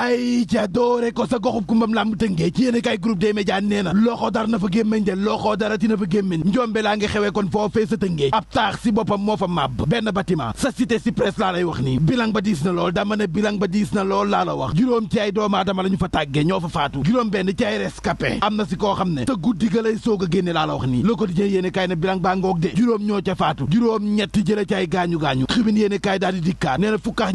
ay ca doore ko sa goxub kumbam làmb tëngee ci yéen kay groupe des nee na loxo dara na fa gémmañ de loxo dara tina fa gémmañ njombe laa ngi xewee kon foofee sa tëngee ab taax si boppam moo fa màbb benn bâtiment sa cité si presse laa lay wax nii bilang ba diis na lool dama ne bilang ba diis na lool laa la wax juróom ci ay doomu aadama la ñu fa tàggee ñoo fa faatu juróom benn ci ay rescapé am na si koo xam ne te guddi ga lay soog génne laa la wax nii le quotidien yéen kay ne bilang baa ngoog de juróom ñoo ca faatu juróom ñetti jële ci ay gaañu-gaañu xibin yéen kay daal di dikkaat nee na fukkax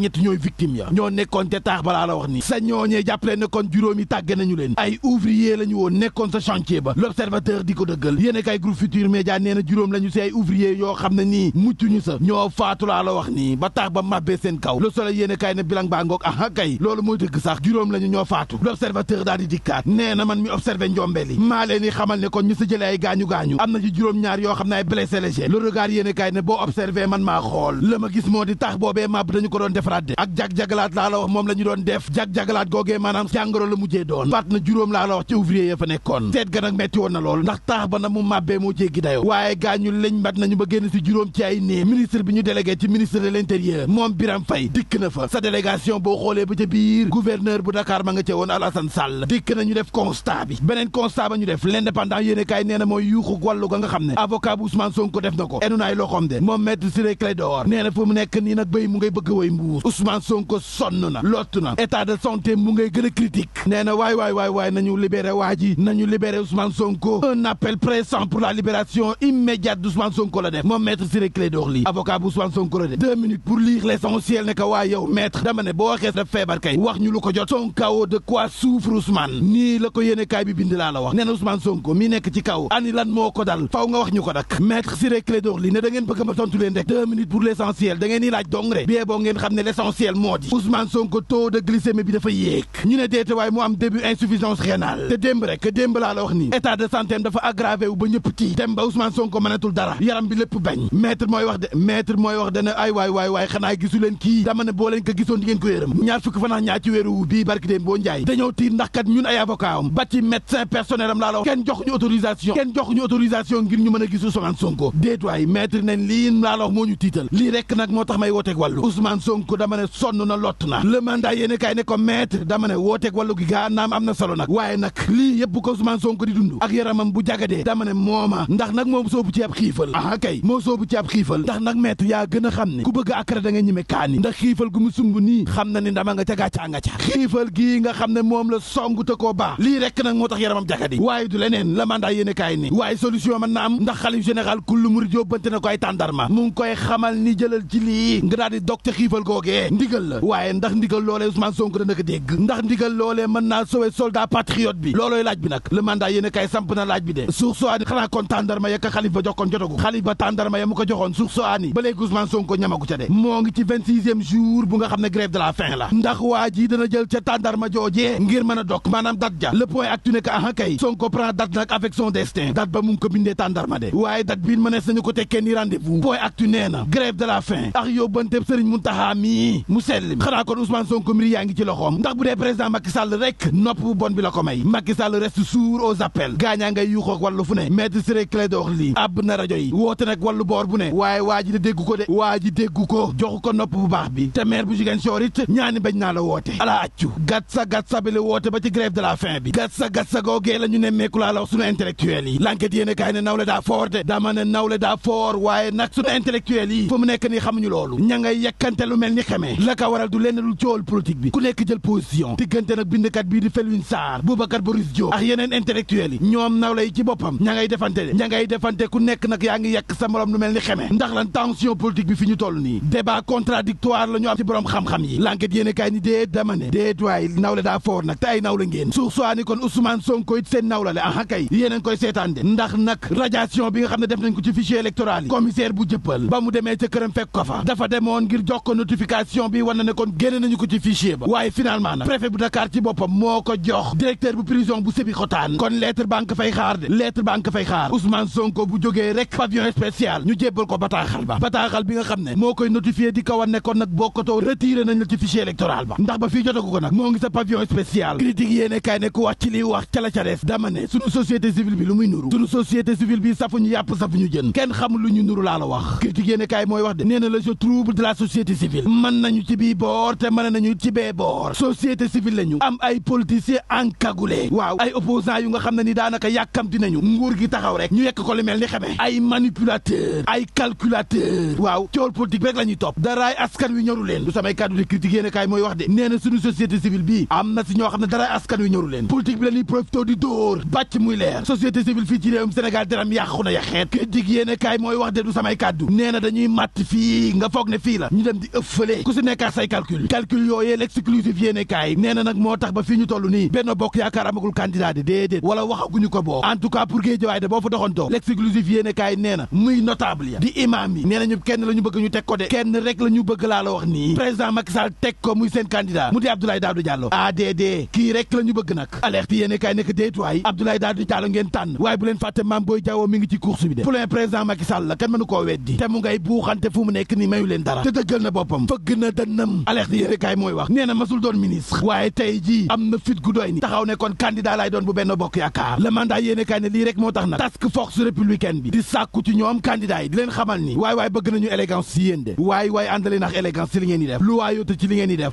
ca ñooñee jàpp leen ne kon juróomi tàgge nañu leen ay ouvrier la ñu woon nekkoon sa chantier ba l'observateur di ko dëggal yéen kay groupe Futur Média nee na juróom la ñu si ay ouvrier yoo xam ne nii muccuñu sa ñoo faatu laa la wax nii ba tax ba màbbee seen kaw le soleil yéen kay ne bilang baa ngoog aha kay loolu mooy dëgg sax juróom la ñu ñoo faatu l'observateur daal di dikkaat nee na man mi observé njombeeli maa leen di xamal ne kon ñu sa jële ay gaañu-gaañu am na ci juróom-ñaar yoo xam ne ay blessé léger le regard yéen kay ne boo observé man maa xool la ma gis moo di tax boobee màbb dañu ko doon defaraat de ak jag-jagalaat laa la wax moom la ñu doon def jag-jag cagalaat googee maanaam jàngoro la mujjee doon faat juróom laa la wax ci ouvrier ya fa nekkoon seet ga nag metti woon na lool ndax taax ba na mu màbbee moo jéggi dayo waaye gaañu lañ mat nañu ba génn si juróom ci ay néew ministre bi ñu délégué ci ministre de l'intérieur moom Biram Fay dikk na fa sa délégation boo xoolee ba ca biir gouverneur bu Dakar ma nga ca woon Alassane Sall dikk na ñu def constat bi beneen constat ba ñu def l'indépendant yéene kaay volonté mu ngay gën a critique waay waay waay nañu libéré waa ji nañu libéré Ousmane Sonko un appel pressant pour la libération immédiate d'Ousmane Sonko la def moom maître Ciré Clédor Ly avocat bu Ousmane Sonko la def deux pour lire l'essentiel ne waa yow maître dama ne boo waxee daf feebar wax ñu lu ko jot son kaw de quoi souffre Ousmane nii la ko yéene bi bind laa la wax nee na Ousmane Sonko mi nekk ci kaw ani lan moo ko dal faw nga wax dafa yéeg ñu ne deete waaye am début insuffisance rénale te démb rek démb laa la wax nii état de santé dafa aggravé ba ñëpp tii dem ba Ousmane Sonko mënatul dara yaram bi lépp bañ maître mooy wax de maître mooy wax de ne ay waay waay waay xanaa gisu kii dama ne boo leen ko gisoon di ko yërëm ñaar fukki fanaa ñaar ci wéeru bii barki boo njaay dañoo tiir ndax kat ñun ay avocat ba ci médecin personnel laa la wax kenn jox ñu a maître dama ne wooteeg wàllu gi gaa naam am na solo nag waaye nag lii yëpp ko Ousmane Sonko di dund ak yaramam bu jagadee dama ne mooma ndax nag moom soobu ci ab xiifal ah kay moo soobu ci ab xiifal ndax nag maître yaa gën a xam ne ku bëgg akara da nga ñime kaani ndax xiifal gu mu sumb nii xam na ni dama nga ca gàccaa nga ca xiifal gii nga xam ne moom la song te koo lii rek nag moo tax yaramam jagadi waaye du leneen la mandat yéene kaay ni waaye solution mën na am ndax xalif général kullu murid yóbbante na ko ay tàndarma mu ngi koy xamal ni jëlal ci dégg ndax ndigal loolee mën naa sowe soldat patriote bi loolooy laaj bi nag le mandat a kay samp na laaj bi de suuf soo xanaa kon tàndarma ya ka xalif ba jox koon jotagu xalif ba tàndarma ya mu ko joxoon suuf soo ba léegi Ousmane Sonko ñamagu ca de moo ngi ci vingt-sixième jour bu nga xam ne grève de la faim la ndax waa ji dana jël ca tàndarma joojee ngir mën a dok maanaam dat ja le point actu ne que ah kay son ko bindee tàndarma de waaye président ndax bu dee président Macky Sall rek nopp bu bon bi la ko may Macky Sall reste sourd aux appels gaañaa ngay yuuxoo ak fu ne maître Ciré Clédor Ly àbb na rajo yi woote nag wàllu boor bu ne waaye waa ji de déggu ko de waa ji déggu ko joxu ko nopp bu baax bi te maire bu jigéen soor it ñaani bañ naa la woote ala accu gàt sa gàt sa woote ba ci grève de la faim bi gàt sa gàt sa googee la ñu laa la wax sunu intellectuel yi l'enquête yéen kaay naw le daa foor naw le daa foor waaye nag sunu intellectuel yi xamuñu loolu ña ngay yekkante lu mel ni xamee la ka waral du lenn lu bi ku nekk jël opposition diggante nag bindkat bii di Felwine Sarr Boubacar Boris Diop ak yeneen intellectuels yi ñoom nawle yi ci boppam ña ngay defante de ña defante ku nekk nag yaa ngi yàq sa morom lu mel ni xeme ndax lan tension politique bi fi ñu toll nii débat contradictoire la ñu am ci borom xam-xam yi l'enquête yéen kaay ni déet dama ne déet waay nawle daa foor nag te ay nawle ngeen suuf soi kon Ousmane Sonko seen nawle la aha koy seetaan bi nga ne def na ko ci fichier ba waaye finalement nag préfet bu Dakar ci boppam moo ko jox directeur bu prison bu Sébikotane kon lettre banque fay xaar de lettre banque fay xaar Ousmane Sonko bu jógee rek pavillon spécial ñu jébbal ko bataaxal ba bataaxal bi nga xam ne moo koy notifié di kaw a nekkoon nag bokkatoo retiré nañ la ci fichier électoral ba ndax ba fii jotagu ko nag moo ngi sa pavillon spécial critique yéene ne ku wax ci liy wax ca la ca des dama ne suñu société civile bi lu muy nuru na la je trouble de la société civile société civile lañu am ay politiciens encagoulés waaw ay opposants yu nga xam ne ni daanaka yàkkamti nañu nguur gi taxaw rek ñu yekk ko li mel ni xamee ay manipulateurs ay calculateurs waaw cool politique rek la ñuy topp daraay askan wi ñoru leen du samay kàddu de critique yéen kaay mooy wax de nee na suñu société civile bii am na si ñoo xam ne daraay askan wi ñoru leen politique bi la ñuy profité di dóor bàcc muy leer société civile fii ci réewum Sénégal deram yàqu na yaxeet critique mooy wax de samay kàddu nee na dañuy màtt fii nga foog ne fii la ñu dem di ku si nekkaat say calcul calcul yéenekaay nee na nag moo tax ba fii ñu toll nii benn bokk yaakaar amagul candidat di déedéet wala waxaguñu ko bokk en tout cas pour de boo fa doxantoo l'exclusif yéenekaay nee muy notable ya di imam yi nee ñu kenn la bëgg ñu teg ko de kenn rek la bëgg laa la wax nii président Macky teg ko muy seen candidat mu di Abdoulaye Daouda Diallo ADD kii rek la bëgg nag alerte yéenekaay nekk déetuwaay Abdoulaye Daouda Diallo ngeen tànn waaye doon ministre waaye tey jii am na fit gu doy ni taxaw ne kon candidat laay doon bu benn bokk yaakaar le mandat yéene kaay lii rek moo tax nag task force républicaine bi di sàkku ci ñoom candidat yi di leen xamal ni waay waay bëgg nañu élégance si yéen de waay waay àndale nax si li ngeen di def lu waayoote ci li ngeen di li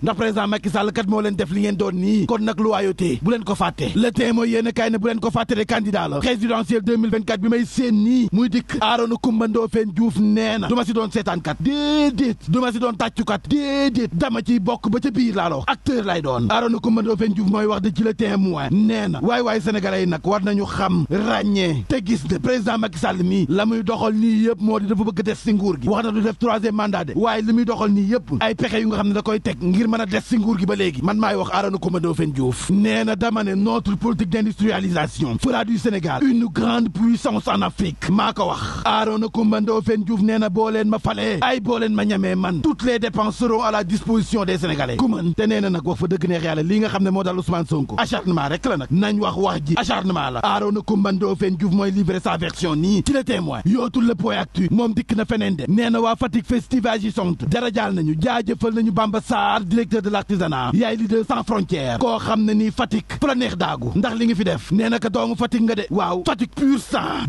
ngeen doon nii kon nag lu waayoote bu leen ko fàtte le témoin yéene kaay bu leen ko fàtte la présidentiel la wax heures lay doon Arona Coumba Ndoffène Diouf mooy wax de ci le témoin nee na waay waay sénégalais yi nag war nañu xam ràññee te gis ne président Macky Sall mii la muy doxal nii yëpp moo di dafa bëgg des si nguur gi wax na du def troisième mandat de waaye li muy doxal nii yëpp ay pexe yu nga xam ne da koy teg ngir mën a des si nguur gi ba léegi man maay wax Arona Coumba Ndoffène Diouf nee na dama ne notre politique d'industrialisation fera du Sénégal une grande puissance en Afrique maa ko wax Arona Coumba Ndoffène nee na boo leen ma falee ay boo ma ñamee man toutes les la disposition des Sénégalais ku nag wax fa dëgg neex yàlla lii nga xam ne moo daal Ousmane Sonko acharnement rek la nag nañ wax wax ji acharnement la Arona Kumbando Fène Diouf mooy livrer sa version nii ci le témoin yootul le point actu moom dikk na feneen de nee na waa Fatick festivage yi sont dara jaal nañu jaajëfal nañu Bamba Sarr de l'artisanat yaay leader sans frontières koo xam ne nii Fatick fu la neex daagu ndax li nga fi def nee na ka doomu Fatick nga de waaw Fatick pur sang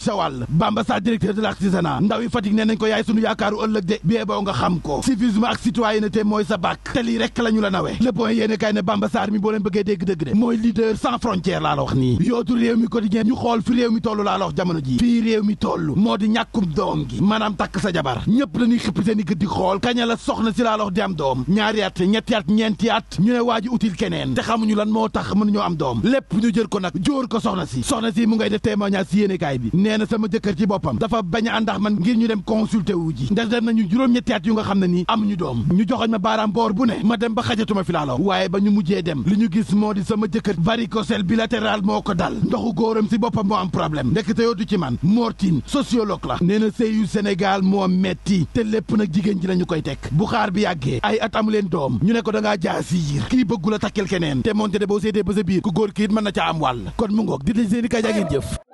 sa wàll Bamba Sarr directeur de l'artisanat ndaw yi Fatick nee nañ ko yaay sunu yaakaaru ëllëg de bee sa bàkk rek la ñu la nawee le point yéene kay ne Bamba Sarr mi boo leen bëggee dégg dëgg de mooy leader sans frontière laa la wax nii yootu réew mi quotidien ñu xool fi réew mi toll laa la wax jamono ji fii réew mi toll moo di ñàkkum doom gi maanaam takk sa jabar ñëpp lañuy xippi seen i gët xool kaña la soxna si laa la wax di am doom ñaari at ñetti at ñeenti at ñu ne waa ji utile keneen te xamuñu lan moo tax ñoo am doom lépp ñu jël ko nag jóor ko soxna si si mu ngay def témoignage si yéene kaay bi nee na sama jëkkër ci boppam dafa bañ a àndax man ngir ñu dem consulter wu ji ndax dem nañu juróom-ñetti at yu nga xam ne nii amuñu doom ñu joxoñ ma baaraam dem ba xajatuma fi laa waaye ba ñu mujjee dem li ñu gis moo di sama jëkkër varicocèle bilatéral moo ko dal ndoxu góoram si boppam moo am problème ndekete yoo du ci man Mortine sociologue la nee na sëy yu Sénégal moo metti te lépp nag jigéen ji la ñu koy teg bu xaar bi yàggee ay at amu leen doom ñu ne ko da ngaa jaa siir kii bëggu la takkal keneen te moonte de boo seetee ba sa biir ku góor ki mën na ca am wàll kon mu ngoog di leen seen i kaay jëf